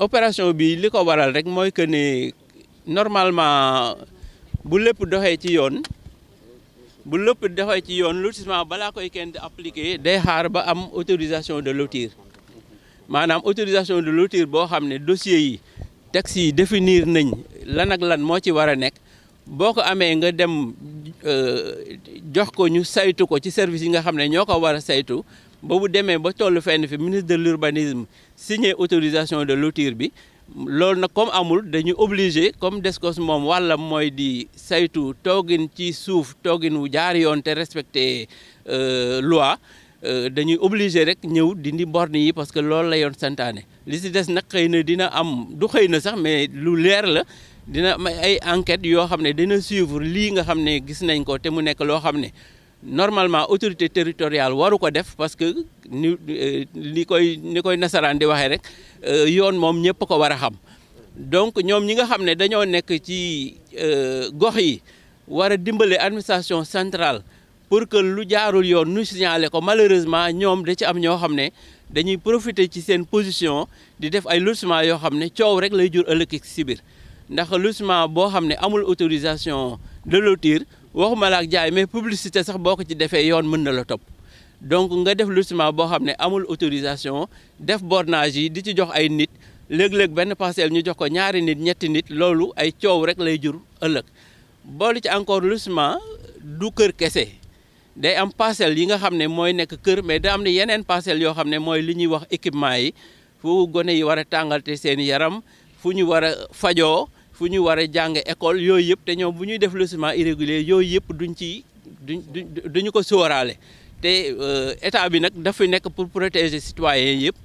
opération bi li ko waral rek mooy que ni normalement bu lépp doxee ci yoon bu lépp doxee ci yoon lotissement balaa koy kenn di appliqué day xaar ba am autorisation de lotir maanaam autorisation de lotir boo xam ne dossiers yi textes yi définir nañ lan ak lan moo ci war a nekk boo ko amee nga dem euh, jox ko ñu saytu ko ci service yi nga xam ne ñoo ko war a saytu ba bu demee ba toll fenn fi ministre de l'urbanisme signé autorisation de lotir bi lool nag comme amul dañu obligé comme descos mom wala moy di saytu toogin ci souf toogin wu jaar yoon te respecté euh, loi euh, dañuy obligé rek ñew dindi borni yi parce que lool la yon santané li ci dess nak xeyna dina am du xeyna sax mais lu leer la dina ay enquête yo xamné ne dina suivre li nga xamné ne gis nañ ko té mu nek lo xamné ne normalement autorité territoriale waru ko def parce que ni li eh, koy ni koy nasaraan di waxee rek eh, yoon moom ñëpp ko war a xam donc ñoom ñi nga xam ne dañoo nekk ci eh, gox yi war a dimbale administration centrale pour que lu jaarul yoon nu signalé ko malheureusement ñoom da ci am ñoo xam ne dañuy profiter ci seen position di def ay lotissement yoo xam ne coow rek lay jur ëllëg si biir ndax lotissement boo xam ne amul autorisation de lotir waxuma la ak jaay mais publicité sax boo ko ci defee yoon mën na la topp donc nga def lotissement boo xam ne amul autorisation def bornage yi di ci jox ay nit léeg-léeg benn parcelle ñu jox ko ñaari nit ñetti nit loolu ay coow rek lay jur ëllëg boolu ci encore lotissement du kër kese day am parcelle yi nga xam ne mooy nekk kër mais da am ne yeneen parcelles yoo xam ne mooy li ñuy wax équipement yi fu gone yi war a tàngalte seen yaram fu ñu war a fajoo fu ñu war a jàng école yooyu yëpp te ñoom bu ñuy def lotissement irrégulier yooyu yëpp duñ ci duñ duñu ko sóoraale te euh, état bi nag dafa nekk pour protéger citoyens yëpp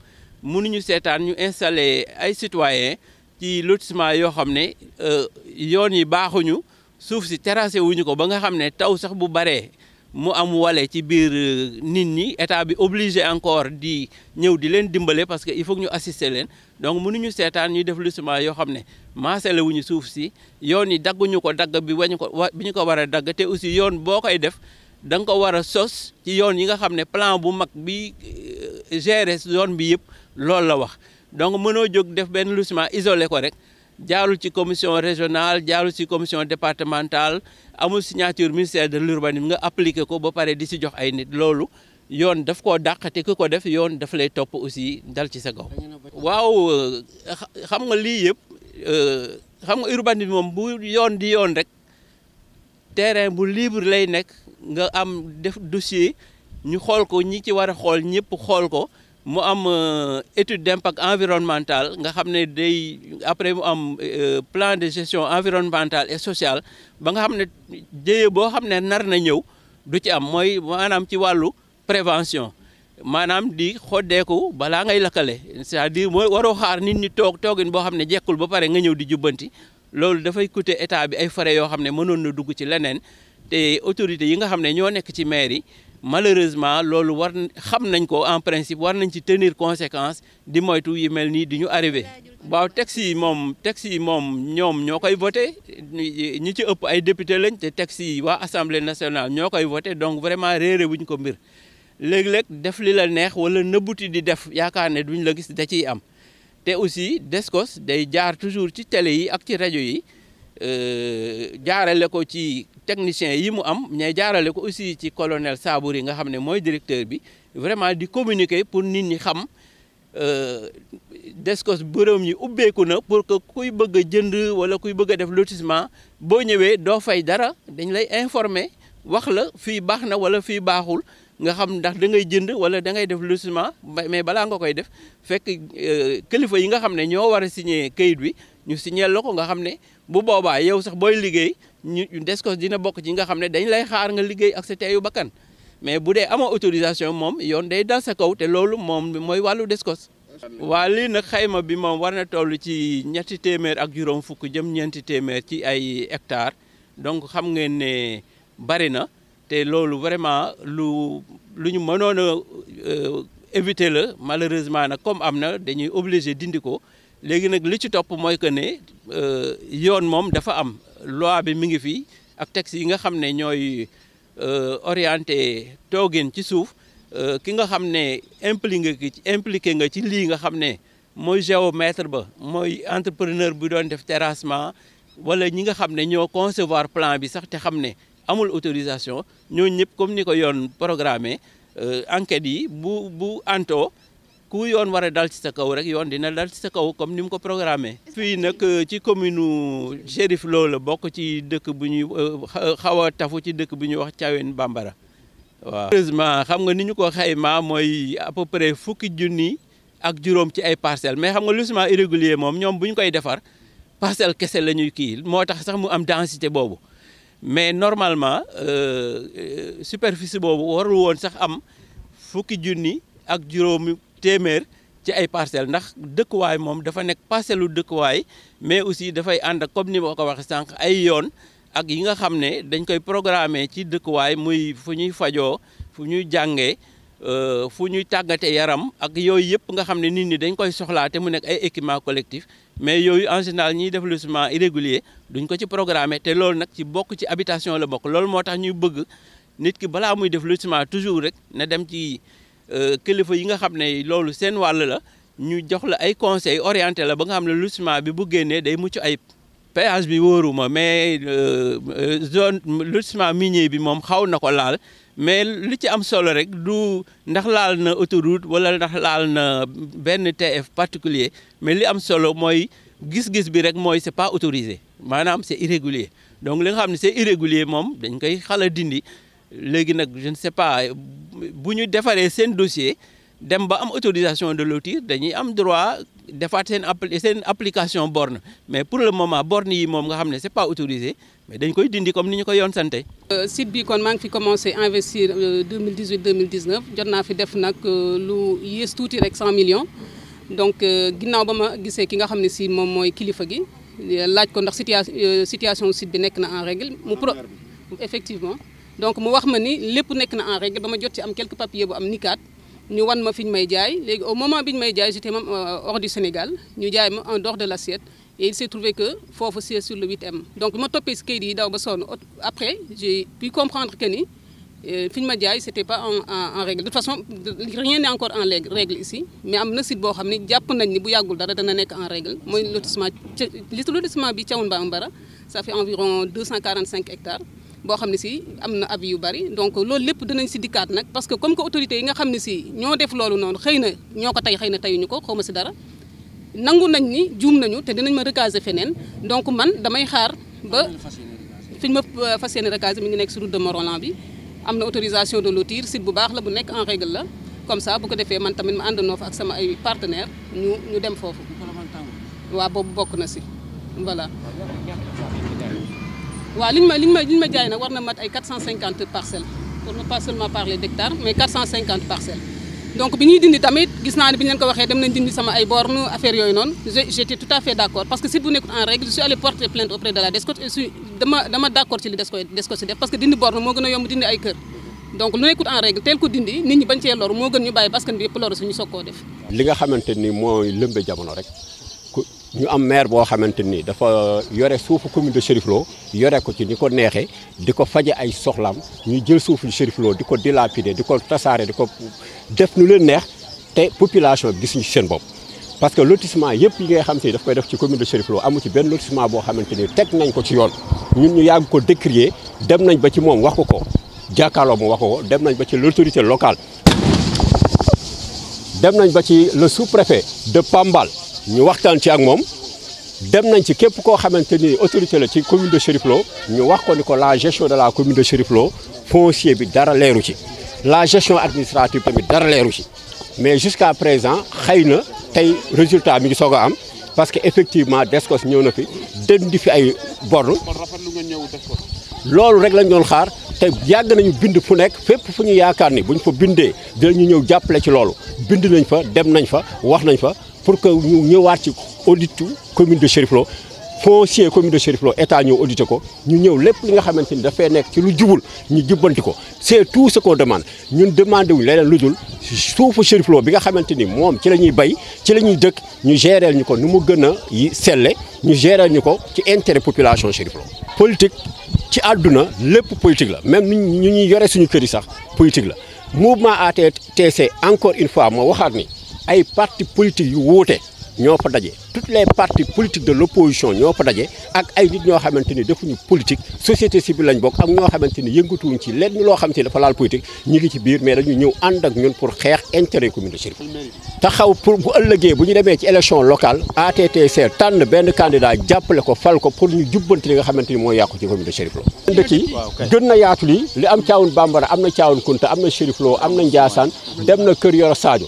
mënuñu seetaan ñu installer ay citoyens ci lotissement yoo xam ne euh, yoon yi baaxuñu suuf si terrassé wuñu ko ba nga xam ne taw sax bu baree mu am wale ci biir euh, nit ñi état bi obligé encore di ñëw di leen dimbale parce que il foog ñu assister leen donc mënuñu seetaan ñuy def lotissement yoo xam ne maasale wuñu suuf si yoon yi dagguñu ko dagg bi wañu ko bi ñu ko war a dagg te aussi yoon boo koy def da nga ko war a sos ci yoon yi nga xam ne plan bu mag bi euh, gérer yoon bi yëpp loolu la wax donc mënoo jóg def benn lotissement isolé ko rek jaarul ci commission régionale jaarul ci commission départementale amul signature ministère de l'urbanisme nga appliqué ko ba pare di si jox ay nit loolu yoon daf koo dàq te ku ko def yoon daf lay topp aussi dal ci sa kaw. waaw euh, nga lii yëpp. Euh, xam nga urbanisme moom bu yoon di yoon rek terrain bu libre lay nekk nga am def dossier ñu xool ko ñi ci war a xool ñëpp xool ko mu am euh, étude d'impact environnemental nga xam ne day après mu am euh, plan de gestion environnementale et sociale ba nga xam ne jéye boo xam ne nar na ñëw du ci am mooy maanaam ci wàllu prévention maanaam di xoddeeku balaa ngay lakkale cest diir dire mooy waroo xaar nit ñi toog toogin boo xam ne jekkul ba pare nga ñëw di jubbanti loolu dafay coûter état bi ay fare yoo xam ne mënoon na dugg ci leneen te autorités yi nga xam ne ñoo nekk ci maire yi malheureusement loolu war xam nañ ko en principe war nañ ci tenir conséquence di moytu yi mel nii di ñu arrivé. waaw texte yi moom texte yi moom ñoom ñoo koy voté ñi ci ëpp ay député lañ te texte yi waa assemblée nationale ñoo koy voté donc vraiment réeré wuñ ko mbir. léeg-léeg def li la neex wala nëbbuti di def yaakaar ne duñ la gis da ciy am te aussi Descos day jaar toujours ci télé yi ak ci rajo yi euh, jaarale ko ci technicien yi mu am mais jaarale ko aussi ci colonel Sabour yi nga xam ne mooy directeur bi vraiment di communiquer pour nit ñi xam euh, Descos bërëm yi ubbeeku na pour que kuy bëgg jënd wala kuy bëgg a def lotissement boo ñëwee doo fay dara dañ lay informer wax la fii baax na wala fii baaxul nga xam ndax da ngay jënd wala dangay ngay def lotissement mais balaa nga koy def fekk euh, kilifa yi nga xam ne ñoo war a signé kayit bi ñu signé la ko nga xam ne bu boobaa yow sax booy liggéey ñu des ko dina bokk ci nga xam ne dañ lay xaar nga liggéey ak sa teeyu bakkan mais bu dee amoon autorisation moom yoon day dal sa kaw te loolu moom mooy wàllu descos waa lii nag xayma bi moom war na tollu ci ñetti téeméer ak juróom fukk jëm ñeenti téeméer ci ay hectares donc xam ngeen ne bari na te loolu vraiment lu lu ñu mënoon euh, éviter le malheureusement nak comme amna dañuy obligé dindiko légui nak li ci top moy que euh yoon mom dafa am loi bi mi ngi fi ak texte yi nga xamné ñoy euh orienté toogin ci euh ki nga xamné ne impliqué impliqué nga ci li nga xamné moy géomètre ba moy entrepreneur bu doon def terrassement wala ñi nga xamné ne ñoo concevoir plan bi sax té xamné amul autorisation ñoo ñëpp comme ni ko yoon programme euh, enquêtes yi bu bu antoo ku yoon war a dal ci sa kaw rek yoon dina dal ci sa kaw comme ni mu ko programmé. fii nag ci commune nu Chérif bokk ci dëkk bu ñuy euh, xaw a tafu ci dëkk bu ñuy wax Thiawène Bambara waaw. heureusement xam nga ni ñu ko xaymaa mooy à peu près fukki junni ak juróom ci ay parcelles mais xam nga lotissement irrégulier moom ñoom bu ñu koy defar parcelle kese la ñuy kii moo tax sax mu am densité boobu. mais normalement euh, euh, superficie les warul won sax am fukki junni ak témèr ci ay parcelles ndax mom dafa nek parcelle de mais aussi da fay l'a comme ni ko waxee ay yoon ak yi nga dañ koy programmer ci muy fu ñuy fajo fu ñuy euh, fu yaram ak yoy yépp nga dañ koy mais yoyu en général ñiy def lotissement irrégulier duñ ko ci programmer té loolu nak ci bokk ci habitation la bokk loolu motax ñuy bëgg nit ki balaa muy def lotissement toujours rek na dem ci euh kilifa yi nga xamné ne loolu seen wall la ñu jox la ay conseils orienté la ba nga xam ne lotissement bi bu génnee day muccu ay péage bi wóoruma mais euh, euh zone lotissement minier bi moom xaw na ko laal mais li ci am solo rek du ndax laal na autoroute wala ndax laal na benn TF particulier mais li am solo mooy gis-gis bi rek mooy c'est pas autorisé maanaam c'est irrégulier donc li nga xam ne c'est irrégulier moom dañ koy xala dindi léegi nag je ne sais pas bu ñu defaree seen dossier dem ba am autorisation de l'autorité dañuy am droit defaat seen seen application borne mais pour le moment borne yi moom nga xam c'est pas autorisé mais dañ koy dindi comme ni ñu ko yoon sante euh, site bi kon maa ngi fi commencé investir 2018 euh, 2019 jot naa fi def nag euh, lu yées tuuti rek 100 millions donc ginnaaw ba ma gisee ki nga xam ne si moom mooy kilifa gi laaj ko ndax situa situation site bi nekk na en règle mu pro effectivement donc mu wax ma ni lépp nekk na en règle ba ma jot ci am quelques papiers bu am nikaat ñu wan ma fi ñu may jaay léegi au moment bi ñu may jaay j'étais même hors du Sénégal ñu jaay ma en dehors de l'assiette et il s'est trouvé que foofu c'est sur le 8M donc bi ma toppee si kayit yi daw ba sonn après j'ai pu comprendre que ni euh, fi ñu ma jaay c'était pas en règle de toute façon rien n'est encore en règle ici mais am na site boo xam ne jàpp nañ ni bu yàggul dara dana nekk en règle mooy lotissement lotissement bi Thiawoune Bambara ça fait environ 245 hectares boo xam ne si am na avis yu bari donc loolu lépp dinañ si dikkaat nag parce que comme que autorités yi nga xam ne si ñoo def loolu noonu xëy na ñoo ko tey xëy na teyuñu ko xaw ma si dara nangu nañ ni juum nañu té dinañ ma recaser fenen donc man damay xaar ba fi ma euh, fas recaser mi ngi nek si route de Morolan bi amna autorisation de lotir site bu baax la bu nek en règle la comme ça bu ko défé man tamit ma àndandoo fa ak sama ay partenaire ñu ñu dem fofu wa bobu bokk na ci voilà wa liñ ma liñ ma liñ ma jaay nak warna mat ay 450 parcelles pour ne pas seulement parler d'hectares mais 450 parcelles donc bi ñuy dindi tamit gis naa ni bi ñu leen ko waxee dem nañ dindi sama ay bornu affaire yooyu noonu j' étais tout à fait d' accord parce que si bu nekkul en règle je suis allée porter plainte auprès de la DSCOS je suis dama dama d' accord ci li DSCOS DSCOS si def parce que dindi borne moo gën a yomb dindi ay kër donc lu nekkul en règle teel ko dindi nit ñi bañ cee lor moo gën ñu bàyyi baskan bi yëpp lor suñu soog koo def li nga xamante ni mooy lëmbe jamono rek ñu am maire boo xamante ni dafa yore suufu commune de Cheriflo Lo yore ko ci ni ko neexee di ko faje ay soxlaam ñu jël suufu Cheriflo Lo di ko dilapider di ko tasaare di ko def nu leen neex te population bi gisuñu seen bopp. parce que lotissement yëpp yi nga xam te daf koy def ci commune de Cheriflo amu ci benn lotissement boo xamante ni teg nañ ko ci yoon ñun ñu yàgg ko décrier dem nañ ba ci moom wax ko ko jàkkaarloo mu wax ko ko dem nañ ba ci l'autorité locale dem nañ ba ci le sous-préfet de Pambal ñu waxtaan ci ak moom dem nañ ci képp koo xamante ni autorité la ci commune de Chérif Lo ñu wax ko ni ko la gestion de la commune de Chérif Lo foncier bi dara leeru ci la gestion administrative tamit dara leeru ci mais jusqu'à présent xeyna tay résultat mi ngi soog am parce que effectivement Descos ñewna fi dëndi fi ay borne lolu rek lañ doon xaar tay yag nañu bind fu nek fep fu ñu yaakaar ni buñ ñu fa bindee dinañu ñew jappalé ci lolu bind nañ fa dem nañ fa wax nañ fa pour que ñu ñëwaat ci auditu commune de Chérif foncier commune de Chérif état ñëw audité ko ñu ñëw lépp li nga xamante ni dafay nekk ci lu jubul ñu jubbanti c'est tout ce qu'on demande ñun demandé les gens lu dul suufu Chérif Lo bi nga xamante ni moom ci la ñuy bay ci la ñuy dëkk ñu géreel ñu ko nu mu gën a yi selle ñu géreel ñu ci intérêt population Chérif Lo politique ci àdduna lépp politique la même ñu ñuy yore suñu kër yi sax politique la mouvement ATTC encore une fois Moi, waxaat ni ay parti politique yu wote ñoo fa toutes les partis politiques de l'opposition opposition ñoo fa daje ak ay nit ñoo xamanteni defuñu politique société civile lañ bok ak ñoo xamanteni ni wuñ ci lenn lo xam te dafa laal politique ñi ngi ci biir mais dañu ñëw and ak ñun pour xex intérêt communautaire de Chérif taxaw pour bu ëllëgé bu ñu démé ci élection locale ATTC tan ben candidat jappalé ko fal ko pour ñu jubbante li nga xamanteni mo yaako ci communauté de Chérif Lo dëkk yi gën na yaatu lii li am caawun bambara amna na kunta am na Chérif Lo am na dem na Kër Yoro Sadio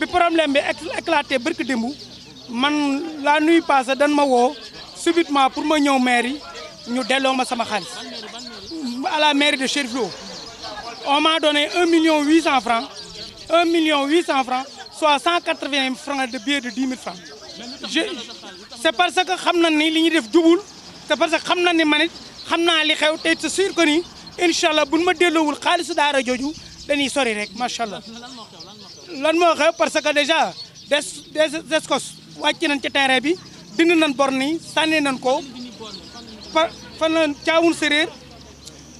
Le problème bi éclaté la nuit passée dan ma subitement pour ma mère, mairie à la mairie de on m'a donné 1,8 million de francs 1 million francs soit 180 francs de billets de 10 000 francs c'est parce que je sais que li double, c'est parce que je ni c'est que ma lan moo xew parce que déjà des des descos wàcc nañ ci terrain bi dindi nañ borne yi sànni nañ ko fan la caawun séréer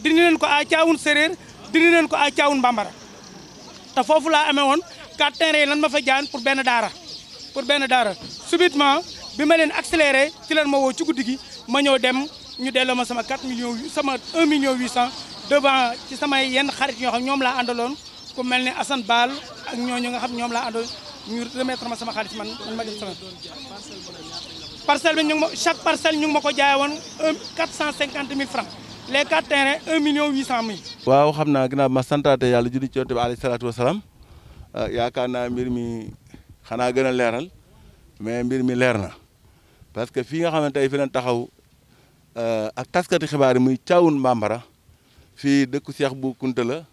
dindi nañ ko à caawun séréer dindi nañ ko à caawun bambara te foofu laa amee woon quatre yi lan ma fa jaan pour benn daara pour benn daara subitement bi ma leen accéléré ci leen ma woo ci guddi gi ma ñëw dem ñu delloo ma sama 4 millions sama 1 million 800 devant ci sama yenn xarit yoo xam ñoom laa àndaloon ku mel ni Assane Baal ak ñooñu nga xam ñoom laa àndoon ñu remettre ma sama xaalis man man ma gis sama parcelle ñu ma chaque parcelle ñu ngi ma ko jaay woon un quatre cent cinquante mille francs les quatre terrains un million huit cent mille. waaw xam naa ginnaaw ma santaate yàlla julli ci Yonent bi alayhi salaatu wa salaam ah, yaakaar naa mbir mi xanaa gën a leeral mais mbir mi leer na parce que fii nga xam ne tey fi leen taxaw ah, ak taskati xibaar yi muy caawun bambara fii dëkku Cheikh Bou Kounta la.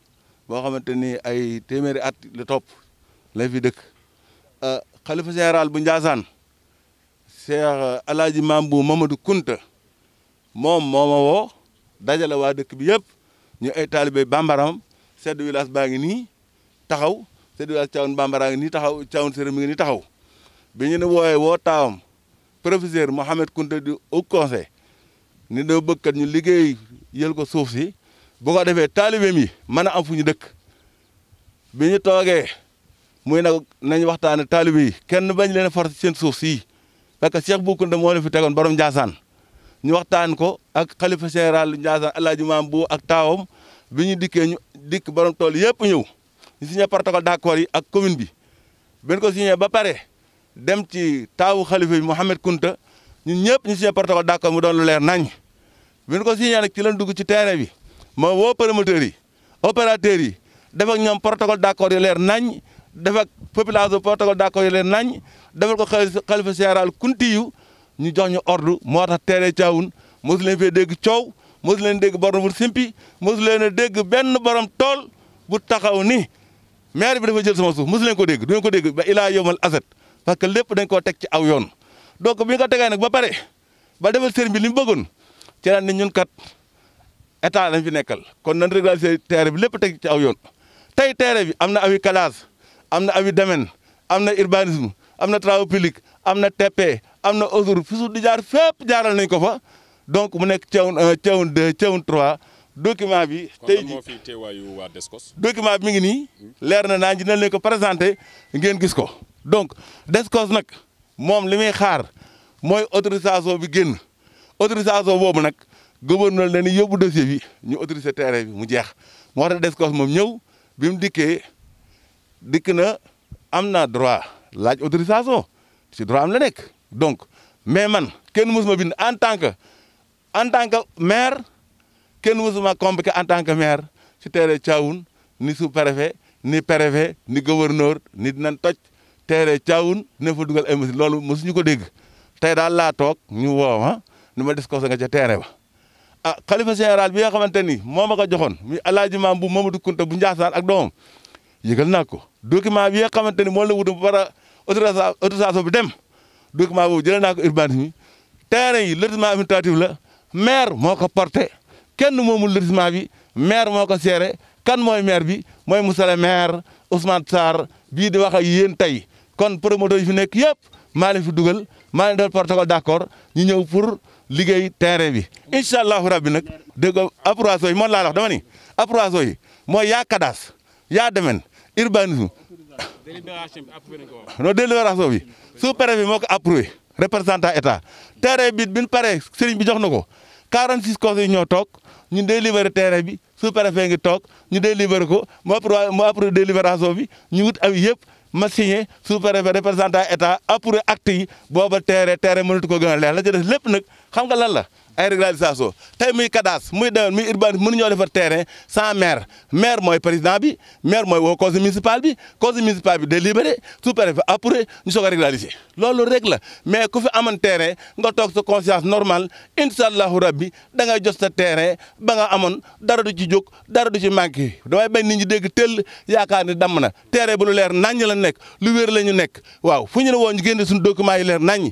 boo xamante ni ay téeméeri at la top la dëkk euh, xalifa général bu Ndiassane Cheikh Alaaji Maam bu Mamadou Kunta moom moo ma dajale waa dëkk bi yëpp ñu ay taalibe bambaram sedd village baa ngi nii taxaw sedd village caawun bambara ngi nii taxaw caawun séeréer mi ngi nii taxaw bi ñu ne wooyee woo taawam professeur Mohamed Kunta di au conseil ni doo bëgg ñu liggéey yël ko suuf si bu ko defee taalibeem yi mën a am fu ñu dëkk bi ñu toogee muy nag nañ waxtaane taalibe yi kenn bañ leen forcé seen suuf sii parce que Cheikh Bou Kounta moo leen fi tegoon borom Ndiassane ñu waxtaan ko ak kalifa général Ndiassane El Hadj Maam bu ak taawam bi ñu dikkee ñu dikk borom tool yëpp ñëw ñu signé protocole d'accord yi ak commune bi ben ko signé ba pare dem ci taawu xalifa mu Mouhamed kunta ñun ñëpp ñu signé protocole d'accord mu doon lu leer nañ ben ko si nag ci lañ dugg ci terrain bi ma woo promoteurs yi opérateurs yi def ak ñoom protocole d'accord yu leer nañ def ak population protocole d'accord yu leer nañ defal ko xalifa général kuntiyu ñu jox ñu ordre moo tax teere caawun mosu leen fee dégg coow mosu leen dégg borom bu simpi mosu leen a dégg benn borom tool bu taxaw ni maire bi dafa jël sama suuf mosu leen ko dégg du ko dégg ba ilaa yomal aset parce que lépp dañ koo teg ci aw yoon donc bi nga tegee nag ba pare ba defal sëriñ bi li mu bëggoon ci daan ni ñun kat état lañ fi nekkal kon nan régulariser terre bi lépp teg ci aw yoon tey terre bi am na avis classe am na awi domaine am na urbanisme am na travaux publics am na TP am na autoroute fi suuf di jaar fépp jaaral nañ ko fa donc mu nekk Thiawane euh, 1 Thiawane 2 Thiawane 3 bi. tey moo teewaayu waa Descos. document bi mi ngi nii hmm. leer na naa ji nañ leen ko présenté ngeen gis ko donc Descos nag moom li muy xaar mooy autorisation bi génn autorisation boobu nag. gouverneur leen yóbbu dossier bi ñu autorisé terrain bi mu jeex moo tax DSCOS moom ñëw bi mu dikkee dikk na am naa droit laaj autorisation ci droit am la nekk donc mais man kenn mësuma bind en tant que en tant que maire kenn mësuma compliqué en tant que maire ci terrain Thiawoune ni sous-préfet ni préfet ni gouverneur ni dinañ toj terrain Thiawoune dina fa dugal ay machine loolu mësuñu ko dégg tey daal laa toog ñu woo ma ni ma DSCOS nga ca terrain ba ah xalifa général bi nga xamante ni moo ma ko joxoon muy alaaji maam bu Mamadou Kunta bu Ndiassane ak doomam yëgal naa ko document bi nga xamante ni moo la wutum para autorisation bi dem document boobu jëlee naa ko urbanisme yi terrain yi lotissement administratif la maire moo ko porté kenn moomul lotissement bi maire moo ko seere kan mooy maire bi mooy monsieur le maire Ousmane Sarr bii di wax ak yéen tey kon promoteur yi fi nekk yëpp maa leen fi dugal maa leen defal protocole d' liggéey terrain bi incha allahu rabbi nag dégg approbation yi moom laa wax dama ni mooy yaa kadaas yaa demen urbanisme non délibération bi sous préfet bi moo ko approuvé représentant état terrain bi bi ñu paree bi jox na ko 46 conseils ñoo toog ñu délibéré terrain bi sous fee ngi toog ñu délibéré ko mu approuvé mu approuvé délibération bi ñu wut aw yëpp ma signé sous préfet représentant état approuvé acte yi booba terrain terrain mënatu ko gën a la ca des lépp nag xam nga lan la ay régularisation tey muy cadastre muy dewen muy urbanisme mënuñoo defar terrain sans maire maire mooy président bi maire mooy woo conseil municipal bi conseil municipal bi délibéré sous-préfet approuvé ñu soog a régulariser loolu rek la mais ku fi amoon terrain nga toog sa normal normale incha allahu rabbi da ngay jot sa terrain ba nga amoon dara du ci jóg dara du ci manqué damay bañ nit ñi dégg tëll yaakaar ni damm na terrain bu lu leer naññ la nekk lu wér la ñu nekk waaw fu ñu ne woo ñu génne suñu documents yi leer naññ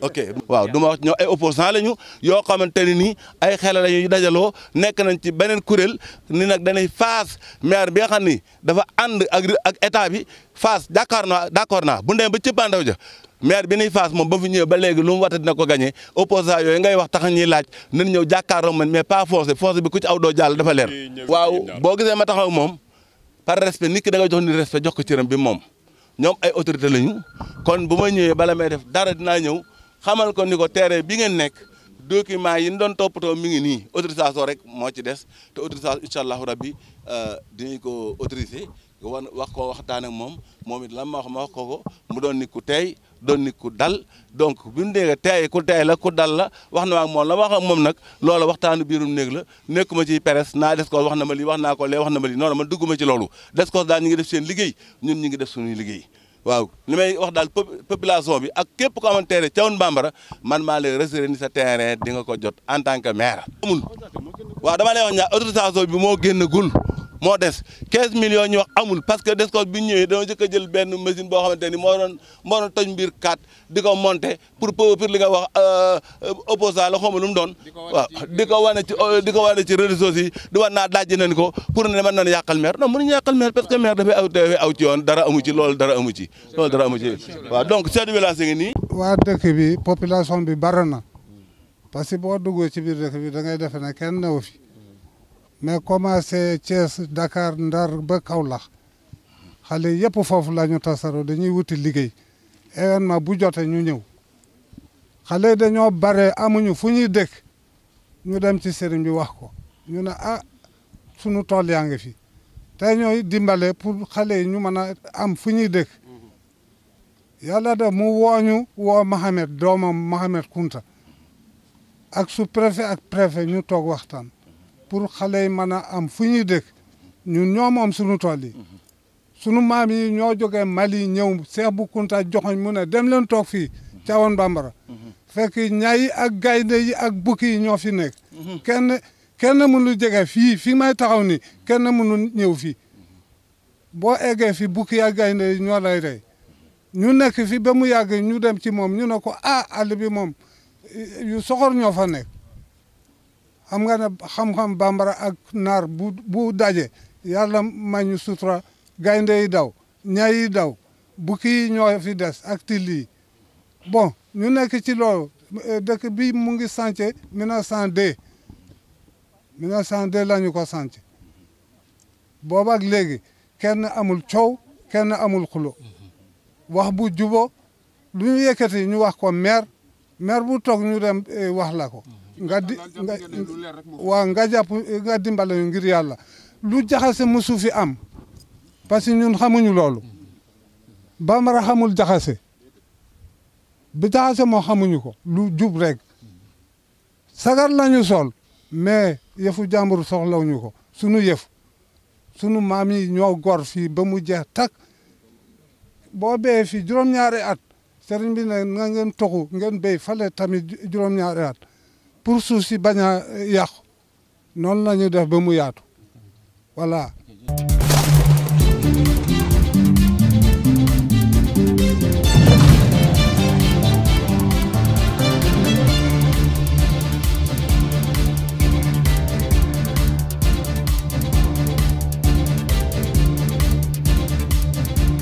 ok waaw du ma wax ñoo ay opposant lañu yoo xamante ne ay xel dajaloo nekk nañ ci beneen kuréel ni nag danay face maire bi nga xam dafa ànd ak ak état bi face d'accord naa d'accord naa bu ndee ba cëppaandaw ja maire bi nuy face moom ba fi ñëwee ba léegi lu mu wata dina ko gagné opposant yooyu ngay wax tax ñuy laaj nañ ñëw jàkkaarloo man mais pas forcé forcé bi ku ci aw doo jàll dafa leer waaw boo gisee ma taxaw moom par respect nit ki da nga jox ni respect jox ko bi moom ñoom ay autorité lañu kon bu ma ñëwee bala xamal ko ni ko terrain bi ngeen nekk document yi ñu doon toppatoo mi ngi nii autorisation rek moo ci des te autorisation incha allahu rabbi euh, dinañ ko autorisé wan wax ko waxtaan ak moom moom it lan ma wax ma ko mu doon ni ku tey doon ni ku dal donc bi mu déggee tey ku tey la ku dal la wax na ma ak moom la wax ak moom nag loola waxtaanu biirum néeg la nekkuma ci peres naa des ko wax na ma lii wax naa ko le wax na ma lii noonu man dugguma ci loolu des ko daal ñu ngi def seen liggéey ñun ñu ngi def suñuy waaw li may wax daal population bi ak képp ko xamante ne Thiawane Bambara man maa lay réserver sa terrain di nga ko jot en tant que maire. amul waaw dama lay wax ñaar autorisation bi moo génn gul moo des 15 millions ñu wax amul parce que DSCOS bi ñu ñëwee dama jëkk jël benn machine boo xamante ni moo doon moo doon toj mbir 4 di ko monter pour pour li nga wax euh, opposant la xawma lu mu doon. waaw di ko wane ci di ko wane ci réseaux sociaux yi di wan naa dajji nañ ko pour ne man nañ yàqal maire non mënuñu yàqal maire parce que yoon dara amu ci loolu amu ci loolu dara amu ci waaw donc chef de village ngi nii. waa bi population na parce que boo duggee ci biir dëkk bi da ngay defe ne kenn newu fi. mais commencé Thiès Dakar Ndar ba Kaolack xale yëpp foofu la ñu tasaroo dañuy wuti liggéey événement bu jotee ñu ñëw xale yi dañoo bare amuñu fu ñuy dëkk ñu dem ci sëriñ bi wax ko ñu ne ah sunu tool yaa ngi fi tey ñooy dimbale pour xale ñu mën a am fu ñuy dëkk yàlla da mu wooñu woo Mahamed doomam Mahamed Kunta ak sous-préfet ak préfet ñu toog waxtaan pour xale yi mën a am fu ñuy dëkk ñun ñoo moom suñu tool yi sunu maam yi ñoo jógee Mali ñëw Seex bu Kunta joxoñ mu ne dem leen toog fii Tiwaawan Bambara fekk ñay ak gaynde yi ak bukki yi ñoo fi nekk kenn kenn jege fii fii ma taxaw ni kenn mënul ñëw fii boo eggee fi bukki ak gaynde yi ñoo lay rey ñu nekk fi ba mu yàgg ñu dem ci moom ñu ne ko ah àll bi moom yu soxor ñoo fa nekk xam nga ne xam-xam bambara ak naar bu bu daje yàlla mañu sutura gaynde yi daw ñay yi daw bukki yi ñoo fi des ak till yi bon ñu nekk ci loolu eh, dëkk bi mu ngi sance 1902 1902 la ñu ko sance booba ak léegi kenn amul coow kenn amul xulo wax bu jubo lu ñu yëkkati ñu wax ko maire maire bu toog ñu dem eh, wax la ko nga di nga waaw nga jàpp nga dimbale ngir yàlla lu jaxase mosu fi am parce que ñun xamuñu loolu bambara xamul jaxase bi jaxase moo xamuñu ko lu jub rek sagar lañu sol mais yëfu jàmbur soxlawuñu ko sunu yëf sunu maam yi ñoo gor fii ba mu jeex tak boo béyee fii juróom-ñaari at sëriñ bi ne na ngeen toxu ngeen béy fale tamit juróom-ñaari at pour suuf si bañ a yàqu noonu la ñuy def ba mu yaatu voilà